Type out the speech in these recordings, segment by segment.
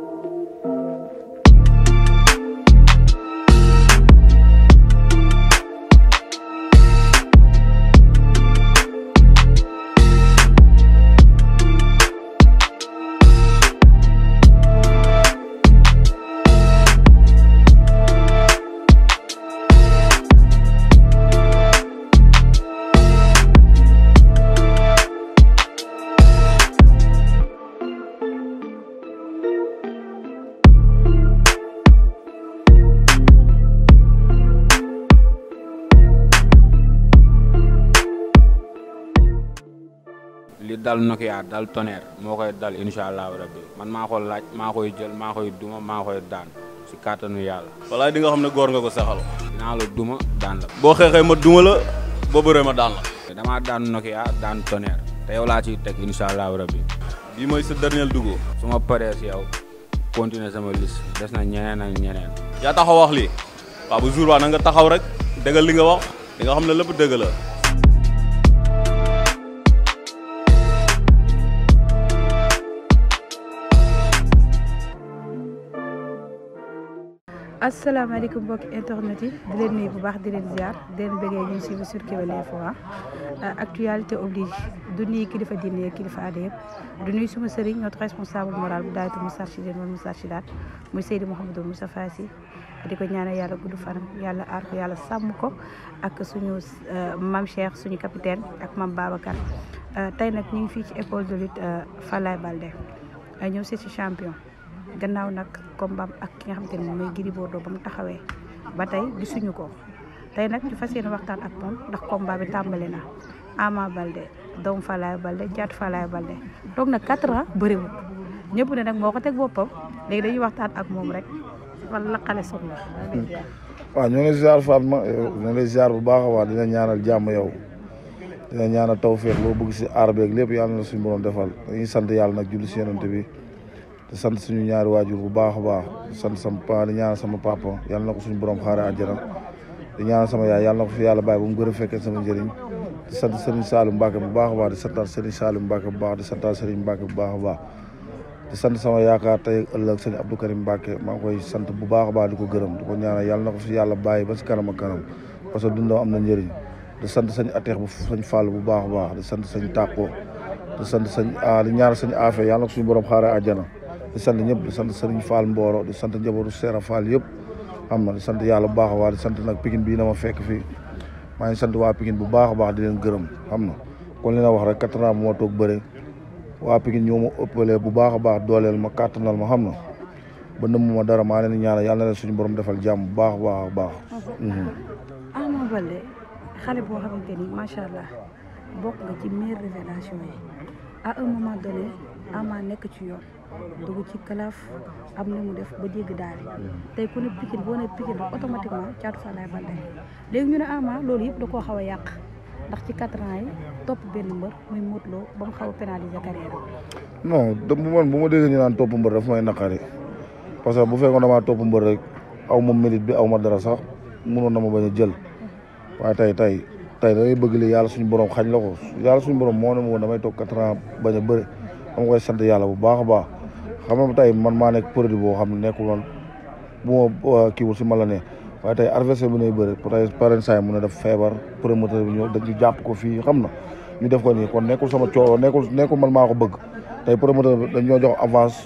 thank you dal Nokia dal tonnerre moo koy dal incha allahu rabbi man maa ko laaj maa koy jël maa koy duma maa koy daan si kàttanu yàlla. walaay di xam ne góor nga ko saxal. dinaa la duma daan la. boo xeexee ma duma la boo bëree ma daan la. damaa daan Nokia daan tonnerre te yow laa ciy teg incha allahu rabbi. bii mooy sa dernier dugub. su ma paree si yow continuer sama liste des na ñeneen a ñeneen. yaa taxaw wax lii. waaw bu jour waa na nga taxaw rek dëggal li nga wax. di xam ne lépp dëgg asalaamaaleykum mbokki internet yi di leen nuyu bu baax di leen ziar di leen bëggee ñu suivre sur Kewel Info ah. euh, actualité oblige du nuyu kilifa diine kilifa aada yëpp du nuyu suma sëriñ notre responsable moral bu daaytu Moussa Chidine wala Moussa Chidaat muy Seydi Mouhamadou Moussa Fassi di ko ñaanal yàlla gudd fanam yàlla aar ko yàlla sàmm ko ak suñu euh, mam Cheikh suñu capitaine ak mam Babacar euh, tey nag ñu ngi fii ci école de lutte Falaye Balde ñëw si ci champion. gannaaw nag kombaam ak ki nga xamante ne moom mooy Gris Bordeaux ba mu taxawee ba tey gisuñu ko tey nag ñu fas yéene waxtaan ak moom ndax combat bi tàmbali na Ama Balde doom Falaye Balde jaat Falaye Balde toog na 4 ans bëriwul ñëpp ne nag moo ko teg boppam léegi dañuy waxtaan ak moom rek wala xale soxla. waaw ñoo ngi ziar Fatma ma ngi ziar bu baax waa baax dina ñaanal jàmm yow dina ñaanal tawféex loo bëgg si aar beeg lépp yàlla na suñu borom defal dañuy sant yàlla nag julli si yonent di sant suñu ñaari waajur bu baax a baax di sant sama pa di ñaanal sama papa yàlla na ko suñu borom xaare àjjana di sama yaay yàlla ko fi yàlla bàyyi ba mu gën a fekkee sama njëriñ di sant Serigne Saliou Mbacke bu baax a baax di santaat Serigne Saliou Mbacke bu baax di santaat Serigne Mbacke bu baax a baax di sant sama yaakaar tey ëllëg sëñ Abdou Karim Mbacke maa ngi koy sant bu baax a baax di ko gërëm di ko ñaanal yàlla na ko fi yàlla bàyyi ba si kanam ak kanam parce que am na njëriñ di sant sëñ Ateex bu sëñ Fall bu baax a baax di sant sëñ Tàkko di sant sëñ ah, di ñaanal sëñ Afe yàlla na ko suñu borom xaare àjjana di sant ñëpp di sant Serigne Fall Mboro di sant njabootu Seera Fall yëpp xam na di sant yàlla bu baax a di sant nag Pikine bii na ma fekk fii maa ngi sant waa Pikine bu baax baax di leen gërëm xam na kon li na wax rek quatre ans moo toog bëre waa Pikine ñoo ma ëppalee bu baax a baax dooleel ma kàttanal ma xam na ba nëmm ma dara maa leen ñaanal yàlla na leen suñu borom defal jàmm bu baax a baax a baax. Mhm. Ama dugg ci kalaaf am na mu def ba jéggi daal tey ku ne Pikine boo ne Pikine rek automatiquement caatu Falaye Baldé léegi ñu ne Ama loolu yëpp da koo xaw yàq ndax ci quatre ans yi topp benn mbër muy Modou ba mu xaw a pénaliser carrière non bu ma déggee ñu naan topp mbër daf may naqari parce que bu fekkoon damaa topp mbër rek aw ma mérite bi aw ma dara sax mënoon na ma bañ a jël waaye tey tey tey da bëgg li yàlla suñu borom xañ la ko yàlla suñ borom moo ne damay toog quatre bañ a bëri dama yàlla bu baax a baax. xam nga tey man maa nekk produit boo xam ne nekkul woon bu ma uh, kiiwul si ma la ne waaye tey adversaire bu ne bëri peut-être parrain saa mun na def feebar promoteur bi ñëw dañu jàpp ko fii xam na ñu def ko nii kon nekkul sama coono nekkul nekkul man maa ko bëgg tey promoteur bi dañoo jox avance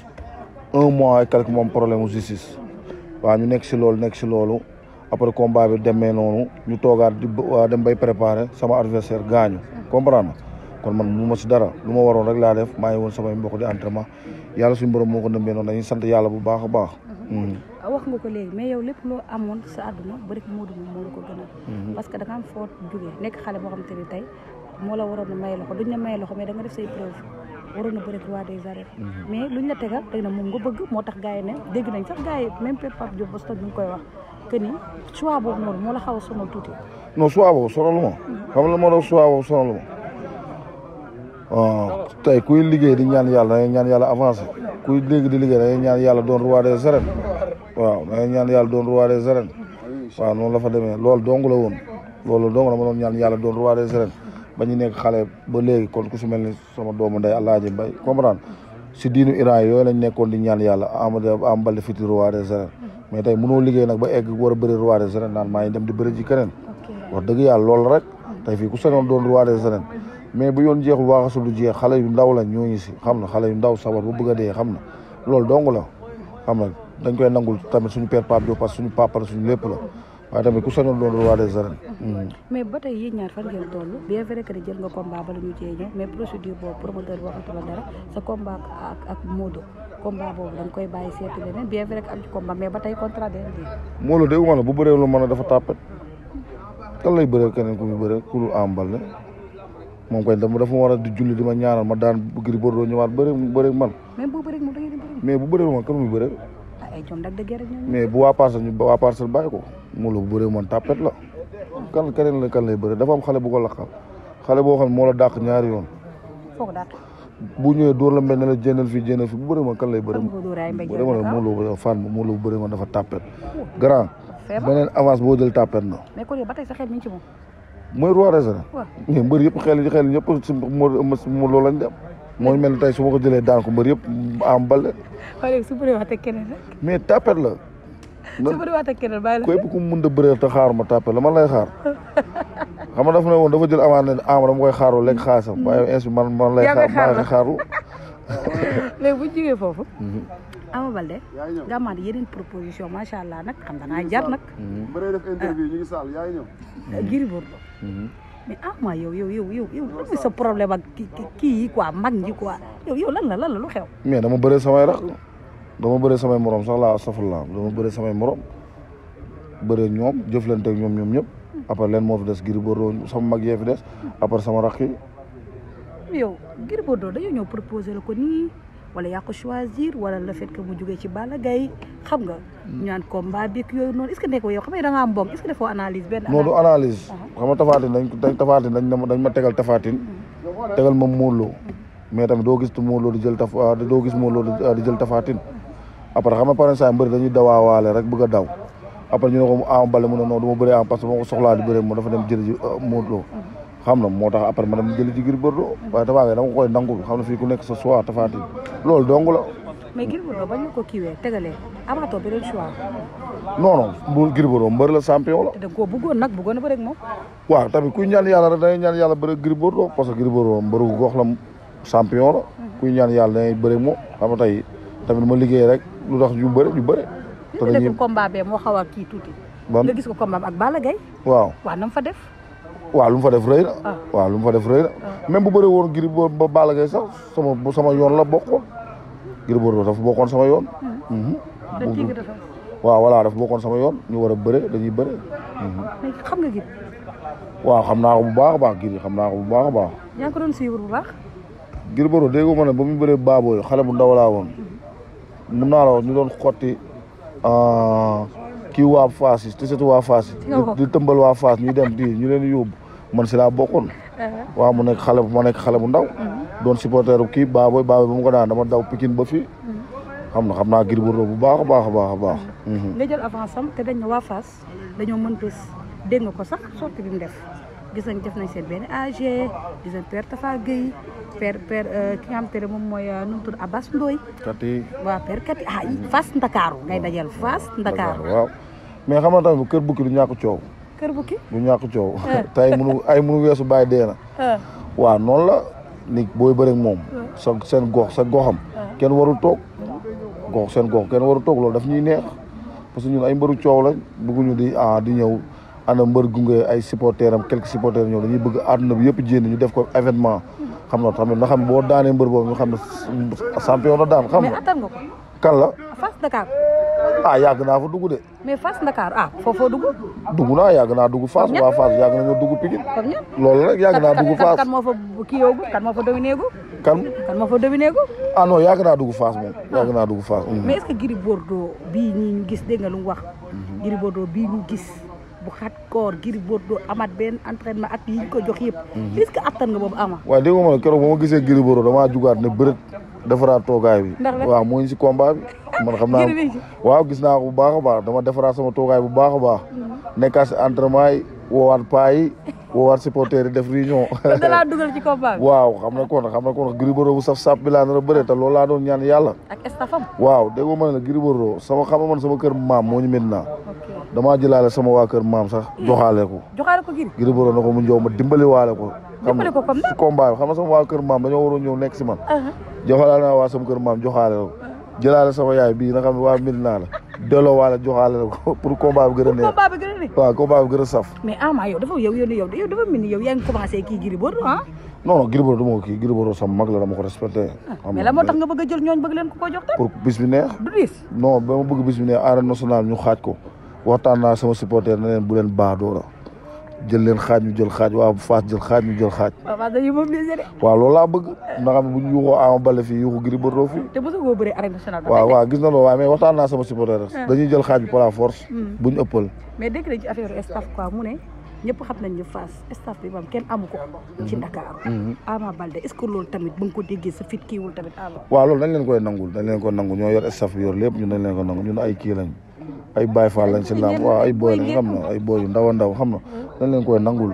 un mois et quelque moom problème mu justice waaw ñu nekk si loolu nekk si loolu après combat bi demee noonu ñu toogaat di dem bay préparer sama adversaire gaañu comprendre kon man mu ma si dara lu ma waroon rek laa def maa ngi woon samay mbokk di entraînement yàlla suñu borom moo ko nëmbee noonu dañuy sant yàlla bu baax a baax. Mm-hmm. wax nga ko léegi mais yow lépp loo mm-hmm. que da nga am foo jógee xam moo la waroon a may loxo duñ la may na bëri roi des arènes. Mm-hmm. mais bëgg moo tax gars yi ne dégg nañ sax gars yi même Pep Pape Diop ba Stade ñu ngi noonu moo la xaw a sonal Oh, tey kuy liggéey di ñaan yàlla da ngay ñaan yàlla avancé kuy léegi di liggéey da ngay yàlla doon roi des arènes waaw da ngay doon roi des arènes waaw la fa demee lool dong la woon loolu dong la ma doon ñaan yàlla doon roi des arènes ba nekk xale ba léegi kon ku si mel ni sama doomu nday Alaaji Mbay comprendre si diinu Iran yi yooyu lañ nekkoon di ñaan yàlla Ama Ama Baldé futur roi des arènes mais tey mënoo liggéey nag ba egg war a bëri roi des arènes naan maa ngi dem di bëri ji keneen wax dëgg yàlla loolu rek tey fii ku sañoon mais bu yoon jeexu waaxasu du jeex xale yu ndaw lañ ñooñu si xam na xale yu ndaw sabar bu bëgg dee xam na loolu dong la xam na dañ koy nangul tamit suñu père Pape Diop parce que suñu papa la lépp la waaye tamit ku sañoon doon roi des arènes. Mm. mais ba tey yéen ñaar fan ngeen toll bien vrai que ne jël nga combat ak ak Modou boobu dañ koy bàyyi seeti leneen bien mais ba tey contrat day am. Modou de wala bu bëree lu mën a dafa tàppet kan lay bëree keneen ku ñu bëree ku lu àmbal ne moom koy dama dafa war a di julli di ma ñaanal ma daan Gris Bordeaux ñëwaat bëri bëri man. mais bu bëri moom mais bu bëri moom kan muy bëri. Ah, ay jom mais bu waa ñu waa parcelle bàyyi ko mu la bu bëree la. kan keneen la kan lay bëri dafa am xale bu ko laqal xale boo xam moo la dàq ñaari yoon. bu ñëwee door la mbéy ne la jéenal fii jéenal fii bu bëree moom kan lay bëri. bu bëree moom mu la fan mu la bu bëree dafa tapet. grand beneen avance boo jël tapet na. mooy roi des arènes. waaw mbër yëpp xel yi xel yëpp si mu loolu lañ dem. mooy mel ni tey su ma ko jëlee daan ko mbër yëpp am bale. si léegi su bëree mais tapet la. su bëree waxtaan keneen bàyyi la. ku mu mën a bëree te xaar ma tapet la man lay xaar. xam nga dafa ne woon dafa jël amaat ne am dama koy xaarul lekk xaasam waaye insi man man lay. xaar maa ngi xaaru. léegi Ama Baldé nga amaat yeneen proposition macha allah nag xam danaa jar nag. Mm-hmm. ba lay def interview eh, mm-hmm. mm-hmm. ah, yow yow yow yow yow lan sa problème ak kii kii yi quoi mag ñi quoi yow yow lan la lu xew. mais dama bëree samay rax dama bëree samay morom sax laa astafurlah dama bëree samay morom bëree ñoom jëflante ak ñoom ñoom ñëpp après moo fi des Gris Bordeaux sama mag yee fi des après sama rax yi. yow Gris Bordeaux dañoo ñëw la ko nii. wala yaa ko choisir wala le fait que mu jugee ci Balla Gaye xam nga. ñu naan combat bi yooyu noonu est ce que nekkul yow xam nga da ngaa mbong est ce que defoo analyse benn. non analyse. Ah. xam tafaatin dañ ma tegal tafaatin. Mm-hmm. tegal ma Modou Lo mm-hmm. mais tamit doo gis Modou Lo di jël taf doo gis Modou Lo di jël tafaatin après xam a par exemple mbëri dañuy dawaawaale rek bëgg daw après ñu ne ko Ama Baldé mu ne non du am parce que moo ko soxlaa di bëree moom dafa dem jël ji euh, Modou xam na moo tax après ma dem jëli ci Gris Bordeaux waaye Tapha Gueye dama koy nangul xam na fii ku nekk sa choix Tapha loolu dong la. mais Gris Bordeaux bañ ko kiiwee tegalee amaatoo beneen choix. non non bu Gris Bordeaux mbër la champion la. te nag bëggoon na bëri ak moom. waaw tamit kuy ñaan yàlla rek dangay ñaan yàlla bëri ak Gris Bordeaux parce que Gris Bordeaux mbëru hmm. kuy ñaan yàlla dangay bëri ak moom xam nga tey tamit ma liggéey rek lu tax ñu bëri ñu bëri. te dañuy li nga dégg combat bee moo xaw a kii tuuti. ban nga gis ko combat ak Balla Gaye. waaw na fa def. waaw lu mu fa def rëy na. Ah. waaw lu mu def rëy ah. même bu bëree woon Gris Bordeaux ba Balla sax sama sama yoon la bokkoon. Gris Bordeaux dafa bokkoon sama yoon. Ah. Mhm. waa voilà dafa bokkoon sama yoon ñu war a bëre dañuy bëre. Mhm. mais xam naa ko bu baax a baax Gris xam naa ko bu baax baax. yaa ngi ko doon suivre ma ne ba mu bëree baaboo xale bu ndaw laa woon. Mhm. mun naa la wax ñu doon xotti. kii waa Fass yi te surtout waa Fass oh. di tëmbal waa Fass ñuy dem di ñu leen yóbbu. man si laa bokkoon. Uh-huh. waa mu nekk xale ma nekk xale bu ndaw. Uh-huh. doon supporter bu kii Baboy Baboy ba mu ko daan dama daw Pikine ba fii. Uh-huh. xam na xam naa Gris Bordeaux bu baax a baax a baax a baax. Mhm. nga jël avance am te dañ ne waa Fass dañoo mën bés dégg nga ko sax sorti bi def gis nañ def nañ seen benn AG gis nañ père Tafa Gueye euh, ki nga xam te ne moom mooy a euh, mu tudd Abbas Ndoye. kati waaw père kati ah mhm. Fass Ndakaaru ngay dajal Fass Ndakaaru. waaw mais xam nga tamit kër bukki du ñàkk coow. kër bukki bu ñàkk coow. Eh. te ay munu ay munu weesu bàyyi dee na. Eh. waaw noonu la nit booy bëri moom. Eh. sa seen gox sa goxam. kenn warul toog gox seen gox kenn warul toog loolu daf ñuy neex parce que ñun ay mbëru coow lañ ñu di ah di ñëw ana mbër gunge ay supporters am quelques supporters ñëw dañuy bëgg àdduna bi yëpp jéem ñu def ko événement. xam na tamit nga xam boo daanee mbër boobu ñu xam ne champion la daan xam nga. mais kan la. Fass Dakar. a ah, yàgg naa fa duggu de. mais Fass Dakar ah foofoo dugg. dugg naa yàgg naa dugg Fass waa Fass yàgg nañoo dugg Pikine. comme rek yàgg naa dugg Fass. kan moo fa kii yoogu kan moo fa dominé fa dominé gu. ah non yàgg naa dugg Fass moom ah. yàgg naa dugg Fass. Mm. mais est-ce que Gris gis dégg nga lu mu wax. Mhm. Gris Bordeaux bii ñu gis. bu xat koor Gris Bordeaux amaat benn entraînement at yi ñu ko jox yëpp. Mhm. est-ce que attan nga boobu ama. waaye dégg nga ma ne keroog ba gisee Gris Bordeaux jugaat ne bërët. defaraat toogaay bi waaw mooy si combat bi xam naa waaw gis naa ko bu baax baax dama defaraat sama toogaay bu baax baax mhm. nekkaat si entraînement yi woowaat paa yi def réunion da laa dugal ci waaw xam na kon xam na kon Gris Bordeaux bu saf sap bi laa nar a loolu laa doon ñaan yàlla waaw déggoo ma ne la Gris Bordeaux sama xam man sama kër maam moo ñu mét naa damaa jëlaale sama waa kër maam sax joxaale ko joxaale ko Gris Bordeaux na ko mu njow ma dimbali waale ko xam nga si xam nga sama waa kër maam dañoo waroon ñëw nekk si man uh-huh. joxaale naa waa sama kër maam joxaale la uh-huh. jëlaale sama yaay bii nga xam ne waa mbir naa la delloo waale joxaale la ko pour combat bi gën a a neex waaw a kii Gris Bordeaux ah non non kii Gris Bordeaux sama mag la ah, la moo nga ko ko jox tam pour bis bi ba ma bëgg bis bi neex ñu xaaj ko waxtaan naa sama supporter na bu leen baax doola jël leen xaaj ñu jël xaaj waa Fass jël xaaj ñu jël xaaj. waaw waaw laa bëgg. nga xam bu ñu yuuxoo Ama Baldé fii yuuxu gir Bordeaux fii. te waaw waaw gis na loolu waa mais waxtaan naa sama supporter rek. Hmm. dañuy jël xaaj bi par la force. Hmm. bu ñu ëppal. mais dégg nañ staff quoi ne ñëpp xam nañ ne Fass staff bi moom kenn amu ko. ci hmm. Dakar. Ama Baldé est ce que tamit bu nga ko déggee sa fit kiiwul tamit Ama. waaw loolu dañ leen koy nangul dañ leen ñoo yor staff bi lépp ñun dañ leen ko nangul ñun ay kii lañ ay Baye Fall lañ si waaw ay booy lañ xam ay booy yu ndaw a xam na dañ leen koy nangul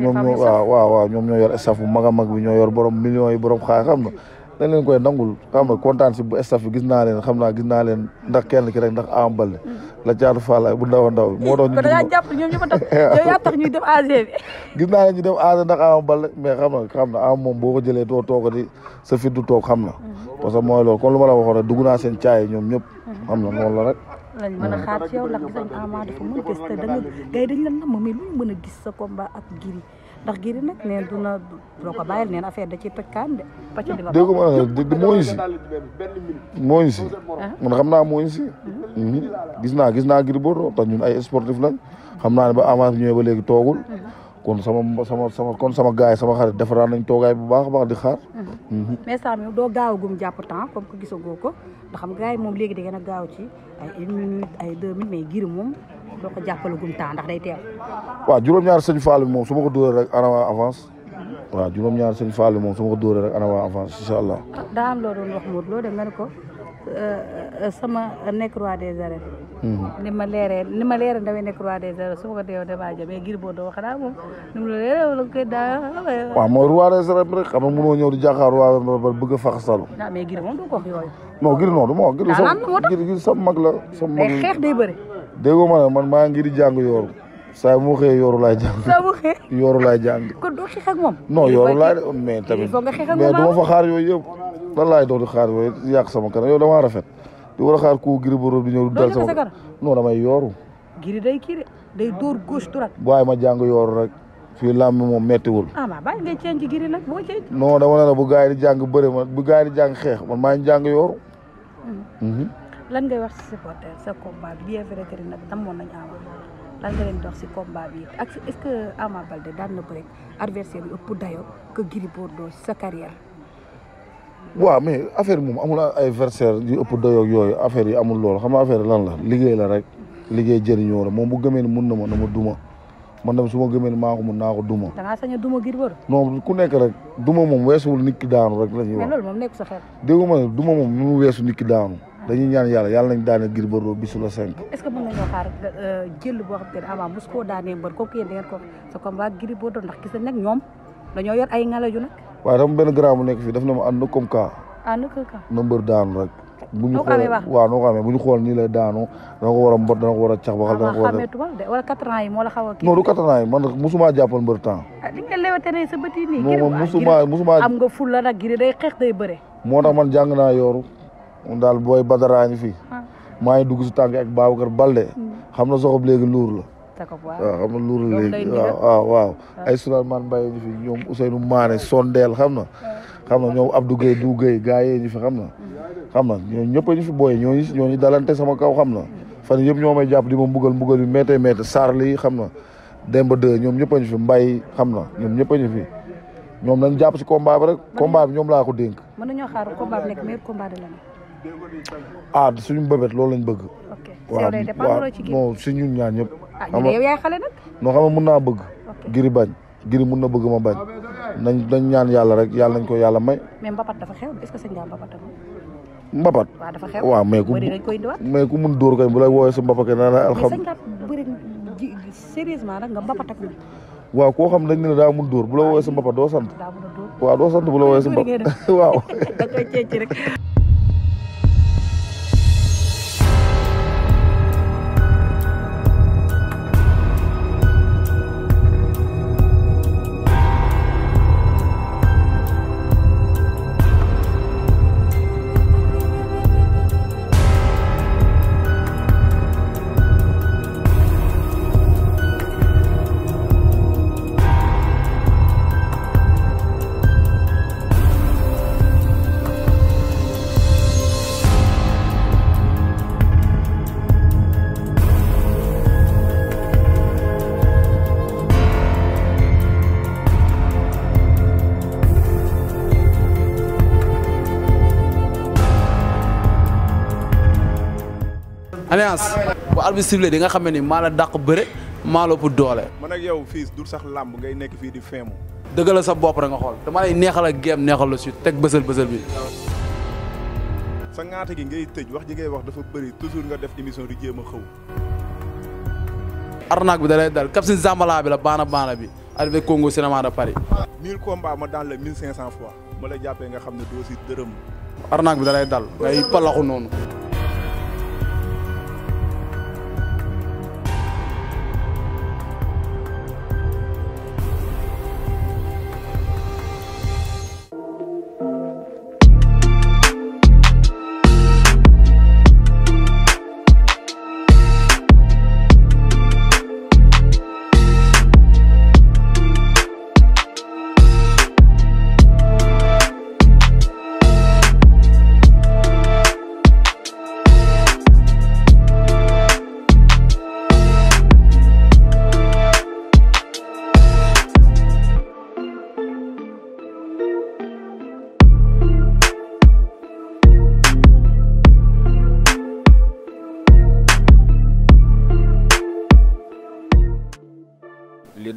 ñoom waaw waaw waaw ñoom ñoo yor staff bu mag mag bi ñoo yor borom million yi borom xaar xam na dañ leen koy nangul xam na kontaan si bu staff bi gis naa leen xam naa gis naa leen ndax kenn ki rek ndax Ama Baldé la caatu Fall bu ndaw a ndaw bi moo ñu gis naa leen ñu def AG ndax Ama xam na na moom boo ko jëlee doo toog di sa fit du toog xam na mm-hmm. parce que mooy loolu kon lu ma la waxoon rek dugg naa seen caay ñoom ñëpp mm-hmm. xam na noonu la rek lañ a ah. xaar ci yow gis nañ Ama dafa mën gis te da nga gars yi dañ la namm mais a gis sa combat ak Gris ndax Gris nag neen duna doo neen affaire da ciy toj kaan de pàcc di dégg ko ma ah. man xam naa mooñu si hmm. hmm. gis naa gis naa Gris Bordeaux te ñun ay sportif lañ xam naa ne ba Ama ñëwee ba léegi toogul hmm. kon sama sama sama kon sama gars xarit defaraan nañ toogaay baax a baax di xaar. Mhm. Mhm. mais saa mi doo gaaw a gum jàpp temps comme que gisagoo ko ndax xam gars yi moom léegi da a gaaw ci ay une minute ay moom doo ko jàppale gum temps ndax day teel. waaw juróom-ñaar sëñ Fall bi moom su ma ko dóoree rek anawaa avance. Mhm. waaw juróom-ñaar sëñ Fall bi moom su ma ko dóoree rek waa avance incha allah. Ah, daa am loo doon wax Modou ko. Euh, euh, sama nekk roi des arènes. Mhm. ni ma leeree ni ma leeree damay nekk roi des arènes su ma ko deewee damaa jëm mais wax naa moom ni mu la leeree wala daa. waaw mooy roi des arènes rek xam nga mënoo ñëw di bëgg a faxasalu. non ah, mais Gris moom du ko yooyu. non Gris non du ma wax. Ah, mag la sama mag la. xeex day bëri. déggoo ma man maa ngi di jàng yooru. saa mu xëyee yooru laay jàng. saa mu xëyee yooru laay jàng. kon doo xeex ak yooru tamit mais du ma ah. xaar yooyu yëpp. lan laay doon di sama kanam rafet. di war a xaar ku Gris Bordeaux di ñëw dal sama non damay yooru. Gris day kii day dóor gauche droite. waaye ma jàng yooru rek. fii làmb moom méttiwul. ah bu gars yi di bu gars yi xeex man jàng yooru. Hmm. Mhm. lan nga leen dox si combat bi ak est-ce que Ama Baldé daan na bëre adversaire bi ëpp dayo moom amul adversaire yu ëpp dayo yooyu affaire yi amul loolu xam nga affaire lan la liggéey la rek liggéey jëriñoo la moom bu gëmee ni mun na ma na ma duma man na su ma gëmee ni maa ko mun naa ko duma. da ngaa duma Gris Bordeaux. non ku nekk rek duma moom weesuwul nit ki daanu rek la ñuy wax. mais loolu sa xel. dégg nga ma ne duma moom mu weesu nit ki daanu. dañuy ñaan yàlla yàlla nañ daane Gris Bordeaux bisu la cinq. est euh, boo xam te ne avant mos koo daanee mbër kooku yéen da ngeen ko sa combat Gris Bordeaux ndax gis nañ nag ñoom dañoo yor ay ngalaaju nag. waaye dama nekk fii daf na ma ànd comme cas. ànd ah, comme cas na mbër bu ñu xool waaw noo bu ñu xool nii lay daanu dana ko war a mbot dana ko ko war a wala quatre ans yi moo a kii non du quatre ans yi man mosumaa jàppal mbër temps ah, di nga lewate ne sa bët yi nii non moom mosumaa mosumaa giri day xeex day bëre moo tax man jàng naa yooru moom daal booy Badara ngi fi. Ah. maa ngi dugg si tànk ak Babacar Balde. Hmm. xam na soxob léegi luur la. waaw xam na luur la léegi waaw waaw ah. ay Souleymane Mbaye ngi fi ñoom Ousseynou Mané Sondeel xam na. Ah. xam na ñoom Abdou Gueye Dou Gueye gars yi ñu fi xam na. Hmm. xam na ñooñu ñëpp ñu fi booyee ñooñu ñooñu dalante sama kaw xam na hmm. fan yëpp ñoo may jàpp di ma mbugal mbugal bi méttee méttee saar lii xam na. Demba ñoom ñëpp ñu fi mbay xam na ñoom ñëpp ñu fi ñoom nañ jàpp si combat bi rek. combat bi ñoom laa ko dénk. ah suñu mbëbët loolu lañ bëgg. waaw waaw si ñun ñaar ñëpp. Ah, xam xam mun naa bëgg. giri bañ giri mun na bëgg ma bañ. nañ dañ ñaan yàlla rek yàlla nañ ko yàlla may. mais mbapat dafa xew mun dóor kay bu lay woowee si mbapat kay na la alhamdulilah. sérieusement koo xam dañ ne daa mun dóor bu la woowee sa ah, mbapat doo sant. waaw doo sant bu la woowee sa mbapat waaw. confiance bu arbitre sifflé di nga xam ni maa la dàq bëre maa la ëpp doole. man yow fii du sax làmb ngay nekk fii di feemu. dëggal sa bopp rek xool dama lay neexal ak géem si teg bësël bësël bi. sa ngaata gi ngay tëj wax ji ngay wax dafa bëri toujours nga def émission di jéem a xëw. arnaque bi da dal dal Kapsin Zambala bi la baana baana bi arrivé Congo cinéma de Paris. 1000 combats ma daan la 1500 fois ma la jàppee nga xam ne doo si dërëm. arnaque bi da lay dal ngay palaxu noonu.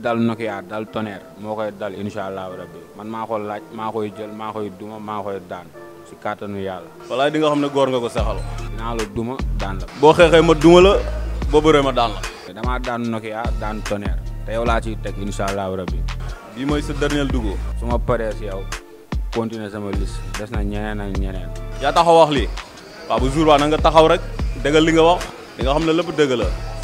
dal Nokia dal tonnerre moo koy dal incha allahu rabbi man maa ko laaj maa koy jël maa koy duma maa koy daan si kàttanu yàlla. walaay di nga xam ne góor nga ko saxal. naa la duma daan la. boo xeexee ma duma la boo bëree ma daan la. damaa daan Nokia daan tonnerre te yow laa ciy teg incha allahu rabbi. bii mooy sa dernier dugub. su ma paree si yow continuer sama liste des na ñeneen ak ñeneen. yaa taxaw wax lii waaw bu jour waa na nga taxaw rek dëggal li nga wax li nga xam ne lépp dëgg la.